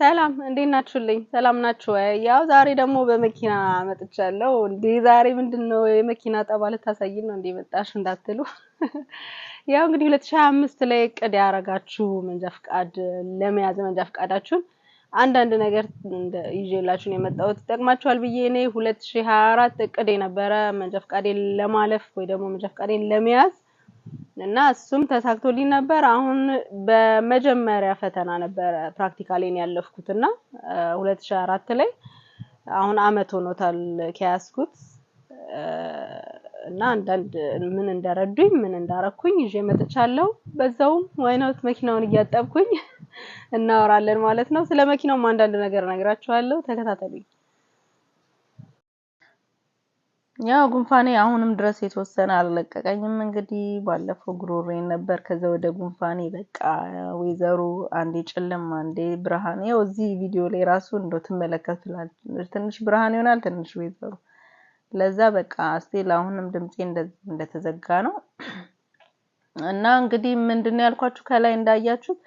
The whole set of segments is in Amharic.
ሰላም እንዴት ናችሁልኝ? ሰላም ናችሁ? ያው ዛሬ ደግሞ በመኪና መጥቻለሁ። እንዴ ዛሬ ምንድን ነው የመኪና ጠባ ልታሳይን ነው እንዴ መጣሽ እንዳትሉ፣ ያው እንግዲህ ሁለት ሺህ አምስት ላይ እቅድ ያደረጋችሁ መንጃ ፍቃድ ለመያዝ መንጃ ፍቃዳችሁን አንዳንድ ነገር ይዤላችሁን ነው የመጣሁት። ይጠቅማችኋል ብዬ እኔ ሁለት ሺህ ሀያ አራት እቅድ የነበረ መንጃ ፍቃዴን ለማለፍ ወይ ደግሞ መንጃ ፍቃዴን ለመያዝ እና እሱም ተሳክቶልኝ ነበር። አሁን በመጀመሪያ ፈተና ነበረ ፕራክቲካሌን ያለፍኩት እና ሁለት ሺ አራት ላይ አሁን አመት ሆኖታል ከያዝኩት እና አንዳንድ ምን እንደረዱኝ ምን እንዳረኩኝ ይዤ መጥቻለሁ። በዛውም ዋይናውት መኪናውን እያጠብኩኝ እናወራለን ማለት ነው። ስለ መኪናውም አንዳንድ ነገር እነግራችኋለሁ። ተከታተሉኝ። ያው ጉንፋኔ አሁንም ድረስ የተወሰነ አልለቀቀኝም። እንግዲህ ባለፈው ጉሮሮዬን ነበር፣ ከዛ ወደ ጉንፋኔ በቃ ወይዘሮ አንዴ ጨለም አንዴ ብርሃን። ያው እዚህ ቪዲዮ ላይ ራሱ እንደው ትመለከቱላል፣ ትንሽ ብርሃን ይሆናል፣ ትንሽ ወይዘሮ። ለዛ በቃ አስቴል አሁንም ድምፄ እንደተዘጋ ነው። እና እንግዲህ ምንድን ነው ያልኳችሁ ከላይ እንዳያችሁት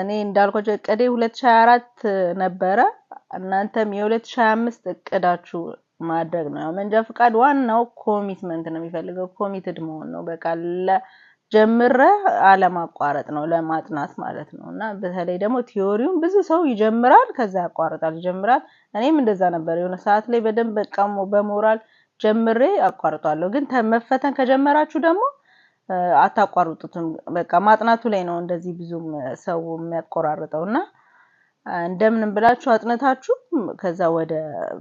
እኔ እንዳልኳችሁ እቅዴ 2024 ነበረ። እናንተም የ2025 እቅዳችሁ ማድረግ ነው። ያው መንጃ ፍቃድ ዋናው ኮሚትመንት ነው የሚፈልገው፣ ኮሚትድ መሆን ነው። በቃ ጀምረ አለማቋረጥ ነው ለማጥናት ማለት ነው። እና በተለይ ደግሞ ቲዮሪውን ብዙ ሰው ይጀምራል፣ ከዛ ያቋርጣል፣ ይጀምራል። እኔም እንደዛ ነበር የሆነ ሰዓት ላይ በደንብ በቃ በሞራል ጀምሬ አቋርጧለሁ። ግን መፈተን ከጀመራችሁ ደግሞ አታቋርጡትም። በቃ ማጥናቱ ላይ ነው እንደዚህ ብዙም ሰው የሚያቆራርጠው እና እንደምንም ብላችሁ አጥነታችሁ ከዛ ወደ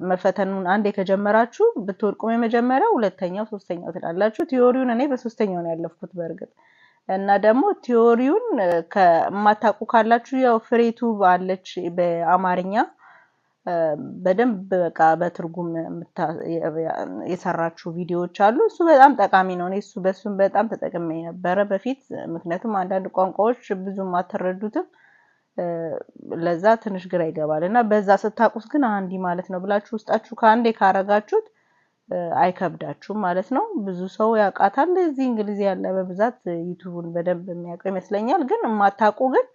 መፈተኑን አንዴ ከጀመራችሁ ብትወድቁም የመጀመሪያው ሁለተኛው ሶስተኛው ትላላችሁ። ቲዮሪውን እኔ በሶስተኛው ነው ያለፍኩት። በእርግጥ እና ደግሞ ቲዮሪውን ከማታውቁ ካላችሁ ያው ፍሬቱ አለች በአማርኛ በደንብ በቃ በትርጉም የሰራችሁ ቪዲዮዎች አሉ። እሱ በጣም ጠቃሚ ነው። እኔ እሱ በሱም በጣም ተጠቅሜ ነበረ በፊት ምክንያቱም አንዳንድ ቋንቋዎች ብዙም አትረዱትም ለዛ ትንሽ ግራ ይገባል እና በዛ ስታቁስ ግን አንዲ ማለት ነው ብላችሁ ውስጣችሁ ከአንዴ ካረጋችሁት አይከብዳችሁም ማለት ነው። ብዙ ሰው ያውቃታል። እዚህ እንግሊዝ ያለ በብዛት ዩቱቡን በደንብ የሚያውቀው ይመስለኛል። ግን የማታውቁ ግን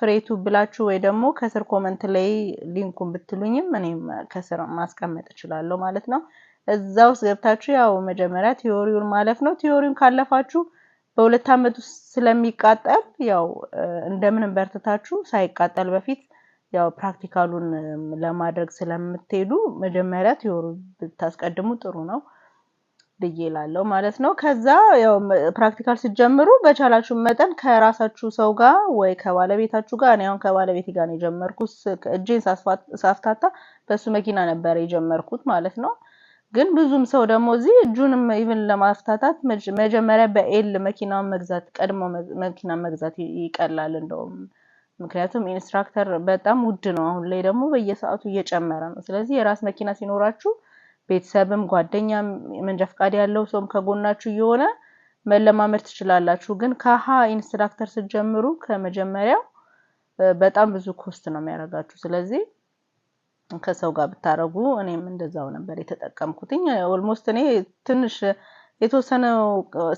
ፍሬቱ ብላችሁ ወይ ደግሞ ከስር ኮመንት ላይ ሊንኩን ብትሉኝም እኔም ከስር ማስቀመጥ እችላለሁ ማለት ነው። እዛ ውስጥ ገብታችሁ ያው መጀመሪያ ቲዮሪውን ማለፍ ነው። ቲዮሪውን ካለፋችሁ በሁለት ዓመት ውስጥ ስለሚቃጠል ያው እንደምንም በርትታችሁ ሳይቃጠል በፊት ያው ፕራክቲካሉን ለማድረግ ስለምትሄዱ መጀመሪያ ቲዮሪ ብታስቀድሙ ጥሩ ነው ብዬ ላለው ማለት ነው። ከዛ ያው ፕራክቲካል ስትጀምሩ በቻላችሁ መጠን ከራሳችሁ ሰው ጋር ወይ ከባለቤታችሁ ጋር እኔ አሁን ከባለቤቴ ጋር ነው የጀመርኩት። እጄን ሳፍታታ በእሱ መኪና ነበር የጀመርኩት ማለት ነው። ግን ብዙም ሰው ደግሞ እዚህ እጁንም ኢቭን ለማፍታታት መጀመሪያ በኤል መኪና መግዛት ቀድሞ መኪና መግዛት ይቀላል እንደውም። ምክንያቱም ኢንስትራክተር በጣም ውድ ነው። አሁን ላይ ደግሞ በየሰዓቱ እየጨመረ ነው። ስለዚህ የራስ መኪና ሲኖራችሁ ቤተሰብም ጓደኛም መንጃ ፍቃድ ያለው ሰውም ከጎናችሁ እየሆነ መለማመድ ትችላላችሁ። ግን ከሀ ኢንስትራክተር ስትጀምሩ ከመጀመሪያው በጣም ብዙ ኮስት ነው የሚያደርጋችሁ። ስለዚህ ከሰው ጋር ብታረጉ እኔም እንደዛው ነበር የተጠቀምኩትኝ። ኦልሞስት እኔ ትንሽ የተወሰነው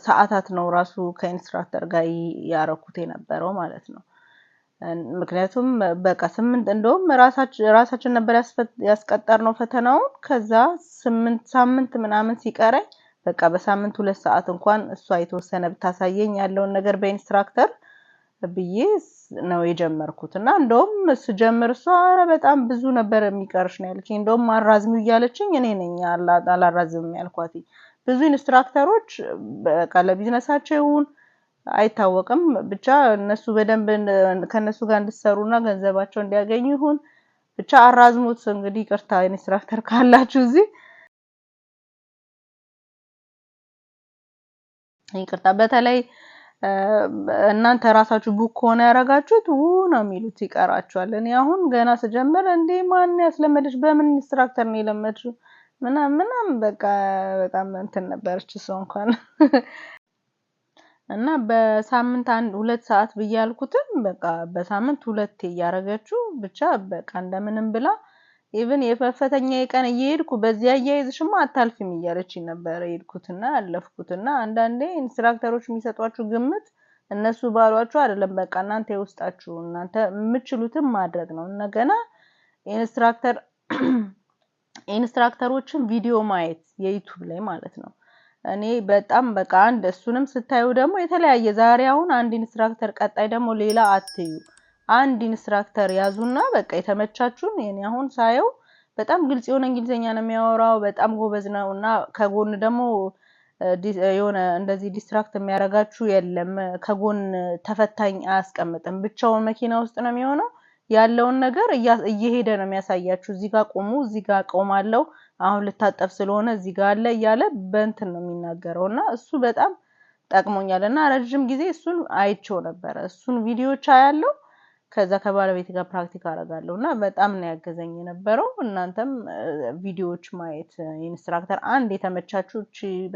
ሰዓታት ነው ራሱ ከኢንስትራክተር ጋር ያረኩት የነበረው ማለት ነው። ምክንያቱም በቃ ስምንት እንደውም ራሳችን ነበር ያስቀጠር ነው ፈተናውን። ከዛ ስምንት ሳምንት ምናምን ሲቀረኝ በቃ በሳምንት ሁለት ሰዓት እንኳን እሷ የተወሰነ ብታሳየኝ ያለውን ነገር በኢንስትራክተር ብዬ ነው የጀመርኩት እና እንደውም ስጀምር እሷ ኧረ በጣም ብዙ ነበር የሚቀርሽ ነው ያለችኝ። እንደውም አራዝሚው እያለችኝ እኔ ነኝ አላራዝምም ያልኳት። ብዙ ኢንስትራክተሮች በቃ ለቢዝነሳቸውን አይታወቅም ብቻ እነሱ በደንብ ከእነሱ ጋር እና ገንዘባቸው እንዲያገኙ ይሁን ብቻ አራዝሙት። እንግዲህ ቅርታ ኢንስትራክተር ካላችሁ እዚህ ይቅርታ። በተለይ እናንተ ራሳችሁ ቡክ ከሆነ ያረጋችሁት ው ነው የሚሉት ይቀራችኋል። እኔ አሁን ገና ስጀምር እንዴ ማን ያስለመደች በምን ኢንስትራክተር ነው የለመድ ምናም ምናም በቃ በጣም እንትን ነበረች እሷ እንኳን እና በሳምንት አንድ ሁለት ሰዓት ብዬ በቃ በሳምንት ሁለቴ እያረገችው ብቻ በቃ እንደምንም ብላ ኢቭን የፈፈተኛ የቀን እየሄድኩ በዚህ አያይዝሽማ አታልፊም እያለች ነበረ። ሄድኩትና ያለፍኩትና አንዳንዴ ኢንስትራክተሮች የሚሰጧችሁ ግምት እነሱ ባሏችሁ አይደለም። በቃ እናንተ የውስጣችሁ እናንተ የምችሉትም ማድረግ ነው። እና ኢንስትራክተር ኢንስትራክተሮችን ቪዲዮ ማየት የዩቱብ ላይ ማለት ነው። እኔ በጣም በቃ አንድ እሱንም ስታዩ ደግሞ የተለያየ ዛሬ አሁን አንድ ኢንስትራክተር ቀጣይ ደግሞ ሌላ አትዩ። አንድ ኢንስትራክተር ያዙና በቃ የተመቻችሁን። እኔ አሁን ሳየው በጣም ግልጽ የሆነ እንግሊዝኛ ነው የሚያወራው፣ በጣም ጎበዝ ነው እና ከጎን ደግሞ የሆነ እንደዚህ ዲስትራክት የሚያደርጋችሁ የለም። ከጎን ተፈታኝ አያስቀምጥም። ብቻውን መኪና ውስጥ ነው የሚሆነው ያለውን ነገር እየሄደ ነው የሚያሳያችሁ። እዚህ ጋር ቆሙ፣ እዚህ ጋር ቆማለሁ፣ አሁን ልታጠፍ ስለሆነ እዚህ ጋር አለ እያለ በእንትን ነው የሚናገረው እና እሱ በጣም ጠቅሞኛል እና ረዥም ጊዜ እሱን አይቼው ነበረ። እሱን ቪዲዮች አያለው ከዛ ከባለቤት ጋር ፕራክቲክ አደርጋለሁ እና በጣም ነው ያገዘኝ የነበረው። እናንተም ቪዲዮዎች ማየት ኢንስትራክተር አንድ የተመቻችሁ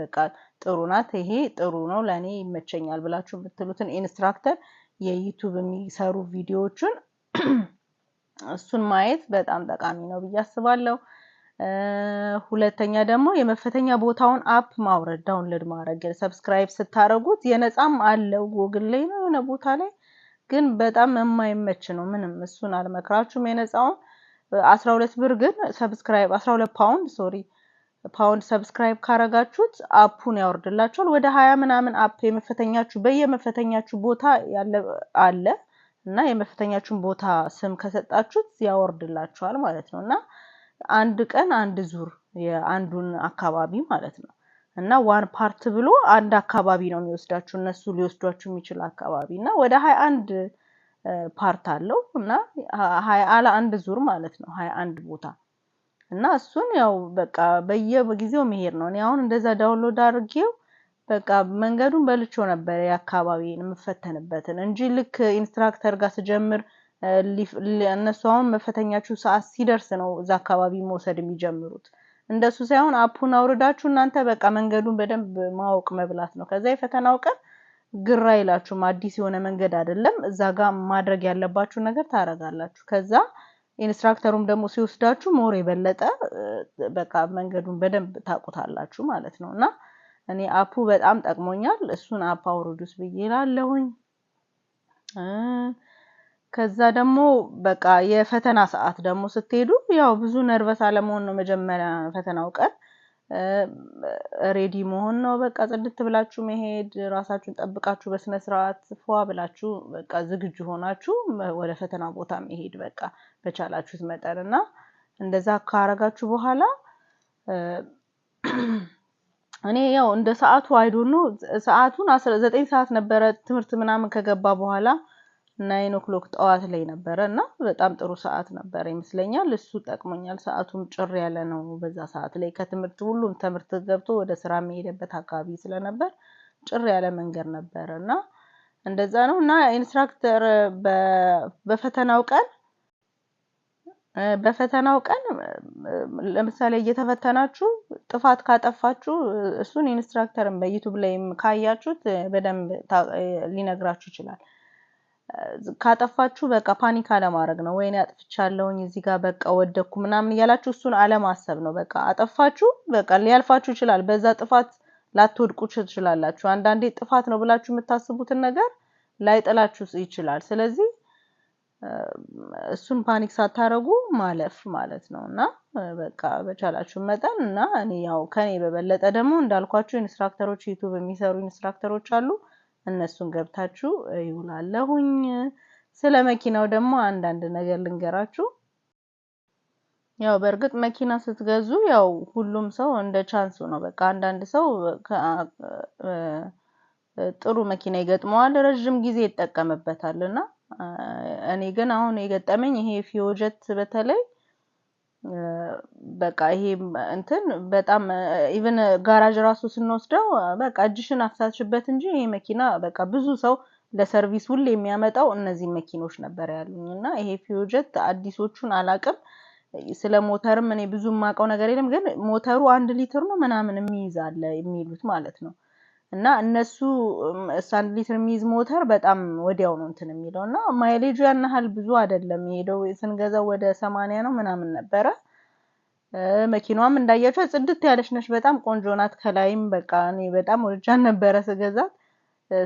በቃ ጥሩ ናት፣ ይሄ ጥሩ ነው፣ ለእኔ ይመቸኛል ብላችሁ የምትሉትን ኢንስትራክተር የዩቱብ የሚሰሩ ቪዲዮዎቹን እሱን ማየት በጣም ጠቃሚ ነው ብዬ አስባለሁ። ሁለተኛ ደግሞ የመፈተኛ ቦታውን አፕ ማውረድ ዳውንሎድ ማድረግ ሰብስክራይብ ስታደረጉት የነፃም አለው ጎግል ላይ ነው የሆነ ቦታ ላይ ግን በጣም የማይመች ነው። ምንም እሱን አልመክራችሁም። የነፃውን አስራ ሁለት ብር ግን ሰብስክራይብ አስራ ሁለት ፓውንድ ሶሪ ፓውንድ ሰብስክራይብ ካረጋችሁት አፑን ያወርድላችኋል። ወደ ሀያ ምናምን አፕ የመፈተኛችሁ በየመፈተኛችሁ ቦታ ያለ አለ እና የመፈተኛችሁን ቦታ ስም ከሰጣችሁት ያወርድላችኋል ማለት ነው እና አንድ ቀን አንድ ዙር የአንዱን አካባቢ ማለት ነው። እና ዋን ፓርት ብሎ አንድ አካባቢ ነው የሚወስዳችሁ እነሱ ሊወስዷችሁ የሚችል አካባቢ እና ወደ ሀያ አንድ ፓርት አለው እና ሀያ አለ አንድ ዙር ማለት ነው ሀያ አንድ ቦታ እና እሱን ያው በቃ በየጊዜው መሄድ ነው። እኔ አሁን እንደዛ ዳውንሎድ አድርጌው በቃ መንገዱን በልቼው ነበረ የአካባቢን የምፈተንበትን እንጂ ልክ ኢንስትራክተር ጋር ስጀምር እነሱ አሁን መፈተኛችሁ ሰዓት ሲደርስ ነው እዛ አካባቢ መውሰድ የሚጀምሩት። እንደሱ ሳይሆን አፑን አውርዳችሁ እናንተ በቃ መንገዱን በደንብ ማወቅ መብላት ነው። ከዛ የፈተናው ቀን ግራ አይላችሁም አዲስ የሆነ መንገድ አይደለም። እዛ ጋር ማድረግ ያለባችሁ ነገር ታረጋላችሁ። ከዛ ኢንስትራክተሩም ደግሞ ሲወስዳችሁ ሞር የበለጠ በቃ መንገዱን በደንብ ታውቁታላችሁ ማለት ነው። እና እኔ አፑ በጣም ጠቅሞኛል። እሱን አፕ አውርዱስ ብዬ ላለሁኝ ከዛ ደግሞ በቃ የፈተና ሰዓት ደግሞ ስትሄዱ ያው ብዙ ነርቨስ አለመሆን ነው መጀመሪያ ፈተናው ቀን ሬዲ መሆን ነው። በቃ ጽድት ብላችሁ መሄድ፣ ራሳችሁን ጠብቃችሁ በስነ ስርዓት ፏ ብላችሁ በቃ ዝግጁ ሆናችሁ ወደ ፈተና ቦታ መሄድ በቃ በቻላችሁት መጠን እና እንደዛ ካረጋችሁ በኋላ እኔ ያው እንደ ሰዓቱ አይዶኖ ሰዓቱን ዘጠኝ ሰዓት ነበረ ትምህርት ምናምን ከገባ በኋላ ናይን ኦክሎክ ጠዋት ላይ ነበረ እና በጣም ጥሩ ሰዓት ነበረ ይመስለኛል። እሱ ጠቅሞኛል። ሰዓቱም ጭር ያለ ነው። በዛ ሰዓት ላይ ከትምህርት ሁሉም ትምህርት ገብቶ ወደ ስራ የሚሄደበት አካባቢ ስለነበር ጭር ያለ መንገድ ነበረ እና እንደዛ ነው እና ኢንስትራክተር በፈተናው ቀን በፈተናው ቀን ለምሳሌ እየተፈተናችሁ ጥፋት ካጠፋችሁ እሱን ኢንስትራክተርን በዩቱብ ላይም ካያችሁት በደንብ ሊነግራችሁ ይችላል። ካጠፋችሁ በቃ ፓኒክ አለማድረግ ነው። ወይኔ አጥፍቻለሁኝ እዚህ ጋር በቃ ወደኩ ምናምን እያላችሁ እሱን አለማሰብ ነው። በቃ አጠፋችሁ በቃ ሊያልፋችሁ ይችላል። በዛ ጥፋት ላትወድቁ ትችላላችሁ። አንዳንዴ ጥፋት ነው ብላችሁ የምታስቡትን ነገር ላይጥላችሁ ይችላል። ስለዚህ እሱን ፓኒክ ሳታደረጉ ማለፍ ማለት ነው እና በቃ በቻላችሁ መጠን እና እኔ ያው ከኔ በበለጠ ደግሞ እንዳልኳችሁ ኢንስትራክተሮች ዩቱብ የሚሰሩ ኢንስትራክተሮች አሉ እነሱን ገብታችሁ ይውላለሁኝ። ስለ መኪናው ደግሞ አንዳንድ ነገር ልንገራችሁ። ያው በእርግጥ መኪና ስትገዙ ያው ሁሉም ሰው እንደ ቻንሱ ነው። በቃ አንዳንድ ሰው ጥሩ መኪና ይገጥመዋል፣ ረዥም ጊዜ ይጠቀምበታል እና እኔ ግን አሁን የገጠመኝ ይሄ ፊዮጀት በተለይ በቃ ይሄ እንትን በጣም ኢቨን ጋራጅ ራሱ ስንወስደው በቃ እጅሽን አፍሳሽበት እንጂ ይሄ መኪና በቃ ብዙ ሰው ለሰርቪስ ሁሌ የሚያመጣው እነዚህ መኪኖች ነበር ያሉኝ እና ይሄ ፊዮጀት አዲሶቹን አላቅም። ስለ ሞተርም እኔ ብዙ የማውቀው ነገር የለም። ግን ሞተሩ አንድ ሊትር ነው ምናምን የሚይዛለ የሚሉት ማለት ነው። እና እነሱ አንድ ሊትር የሚይዝ ሞተር በጣም ወዲያው ነው እንትን የሚለው እና ማይሌጁ ያናህል ብዙ አይደለም። የሄደው ስንገዛው ወደ ሰማንያ ነው ምናምን ነበረ። መኪናዋም እንዳያቸው ጽድት ያለች ነች፣ በጣም ቆንጆ ናት። ከላይም በቃ እኔ በጣም ወድጃን ነበረ ስገዛት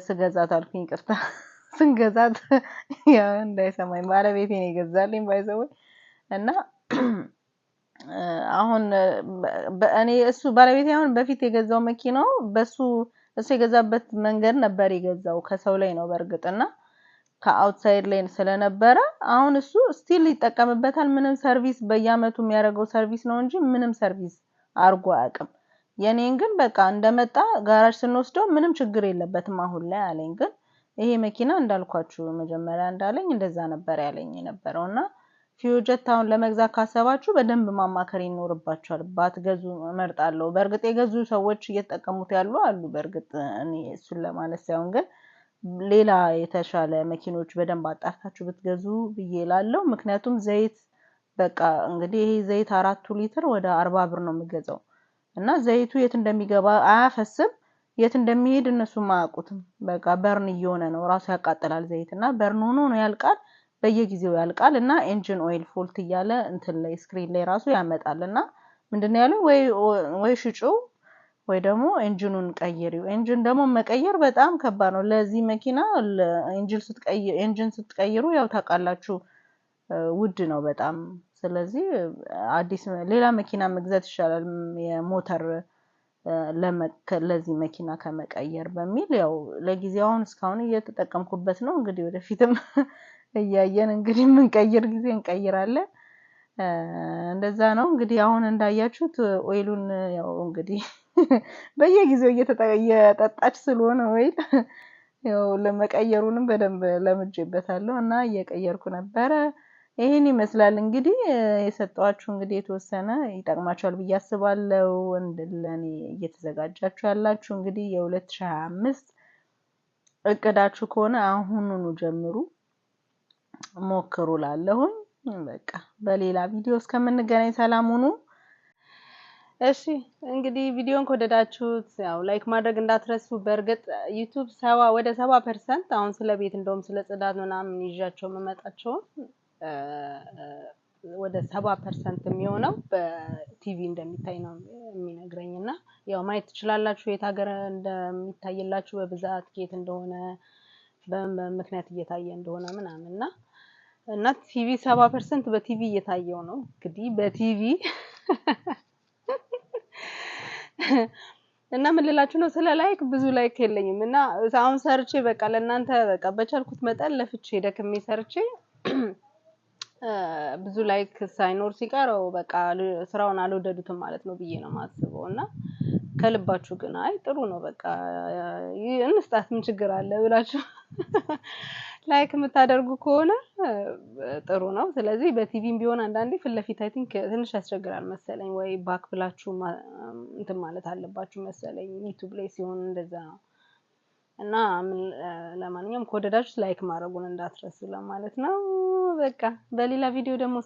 ስገዛት አልኩኝ ቅርታ ስንገዛት እንዳይሰማኝ ባለቤቴ ነው የገዛልኝ ባይዘወይ እና አሁን እኔ እሱ ባለቤቴ አሁን በፊት የገዛው መኪናው በሱ እሱ የገዛበት መንገድ ነበር የገዛው ከሰው ላይ ነው በእርግጥና ከአውትሳይድ ላይን ስለነበረ አሁን እሱ ስቲል ይጠቀምበታል። ምንም ሰርቪስ በየአመቱ የሚያደርገው ሰርቪስ ነው እንጂ ምንም ሰርቪስ አርጎ አያውቅም። የኔን ግን በቃ እንደመጣ ጋራጅ ስንወስደው ምንም ችግር የለበትም አሁን ላይ አለኝ። ግን ይሄ መኪና እንዳልኳችሁ መጀመሪያ እንዳለኝ እንደዛ ነበር ያለኝ የነበረው እና ኪዩጀት አሁን ለመግዛት ካሰባችሁ በደንብ ማማከር ይኖርባችኋል። ባትገዙ እመርጣለሁ። በእርግጥ የገዙ ሰዎች እየተጠቀሙት ያሉ አሉ። በእርግጥ እኔ እሱን ለማለት ሳይሆን ግን ሌላ የተሻለ መኪኖች በደንብ አጣርታችሁ ብትገዙ ብዬ ላለው። ምክንያቱም ዘይት በቃ እንግዲህ ይሄ ዘይት አራቱ ሊትር ወደ አርባ ብር ነው የሚገዛው እና ዘይቱ የት እንደሚገባ አያፈስም፣ የት እንደሚሄድ እነሱም አያውቁትም። በቃ በርን እየሆነ ነው ራሱ ያቃጥላል ዘይት እና በርን ሆኖ ነው ያልቃል። በየጊዜው ያልቃል እና ኤንጂን ኦይል ፎልት እያለ እንትን ላይ ስክሪን ላይ ራሱ ያመጣል እና ምንድን ነው ያለው ወይ ሽጩ ወይ ደግሞ ኤንጂኑን ቀይሪው። ኤንጂን ደግሞ መቀየር በጣም ከባድ ነው። ለዚህ መኪና ኤንጂን ስትቀይሩ ያው ታውቃላችሁ ውድ ነው በጣም። ስለዚህ አዲስ ሌላ መኪና መግዛት ይሻላል የሞተር ለዚህ መኪና ከመቀየር በሚል ያው ለጊዜው አሁን እስካሁን እየተጠቀምኩበት ነው። እንግዲህ ወደፊትም እያየን እንግዲህ የምንቀይር ጊዜ እንቀይራለን። እንደዛ ነው እንግዲህ አሁን እንዳያችሁት ኦይሉን ያው እንግዲህ በየጊዜው እየጠጣች ስለሆነ ወይል ያው ለመቀየሩንም በደንብ ለምጄበታለሁ እና እየቀየርኩ ነበረ። ይህን ይመስላል እንግዲህ የሰጠዋችሁ እንግዲህ የተወሰነ ይጠቅማችኋል ብዬ አስባለሁ። እንድለኔ እየተዘጋጃችሁ ያላችሁ እንግዲህ የ2025 እቅዳችሁ ከሆነ አሁኑኑ ጀምሩ። ሞክሩ ላለሁኝ። በቃ በሌላ ቪዲዮ እስከምንገናኝ ሰላም ሁኑ። እሺ እንግዲህ ቪዲዮን ከወደዳችሁት ያው ላይክ ማድረግ እንዳትረሱ። በእርግጥ ዩቱብ ሰባ ወደ ሰባ ፐርሰንት አሁን ስለ ቤት እንደውም ስለ ጽዳት ምናምን ይዣቸው የምመጣቸውን ወደ ሰባ ፐርሰንት የሚሆነው በቲቪ እንደሚታይ ነው የሚነግረኝ እና ያው ማየት ትችላላችሁ የት ሀገር እንደሚታይላችሁ በብዛት ጌት እንደሆነ በምክንያት እየታየ እንደሆነ ምናምን እና እና ቲቪ ሰባ ፐርሰንት በቲቪ እየታየው ነው። እንግዲህ በቲቪ እና ምን ልላችሁ ነው ስለ ላይክ ብዙ ላይክ የለኝም እና አሁን ሰርቼ በቃ ለእናንተ በቃ በቻልኩት መጠን ለፍቼ ደክሜ ሰርቼ ብዙ ላይክ ሳይኖር ሲቀረው በቃ ስራውን አልወደዱትም ማለት ነው ብዬ ነው የማስበው። እና ከልባችሁ ግን አይ ጥሩ ነው በቃ እንስጣት ምን ችግር አለ ብላችሁ ላይክ የምታደርጉ ከሆነ ጥሩ ነው። ስለዚህ በቲቪም ቢሆን አንዳንዴ ፊት ለፊት አይ ቲንክ ትንሽ ያስቸግራል መሰለኝ፣ ወይ ባክ ብላችሁ እንትን ማለት አለባችሁ መሰለኝ ዩቱብ ላይ ሲሆን እንደዛ ነው። እና ለማንኛውም ከወደዳችሁት ላይክ ማድረጉን እንዳትረሱ ለማለት ነው። በቃ በሌላ ቪዲዮ ደግሞ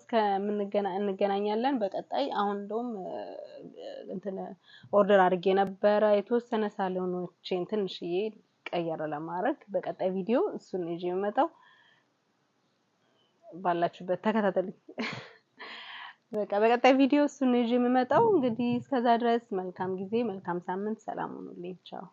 እንገናኛለን። በቀጣይ አሁን እንደውም እንትን ኦርደር አድርጌ ነበረ የተወሰነ ሳሎኖቼን ትንሽዬ ቀየር ለማድረግ በቀጣይ ቪዲዮ እሱን ይዤ የምመጣው ባላችሁበት ተከታተሉኝ። በቃ በቀጣይ ቪዲዮ እሱን ይዤ የምመጣው እንግዲህ እስከዛ ድረስ መልካም ጊዜ፣ መልካም ሳምንት፣ ሰላም ሁኑልኝ። ቻው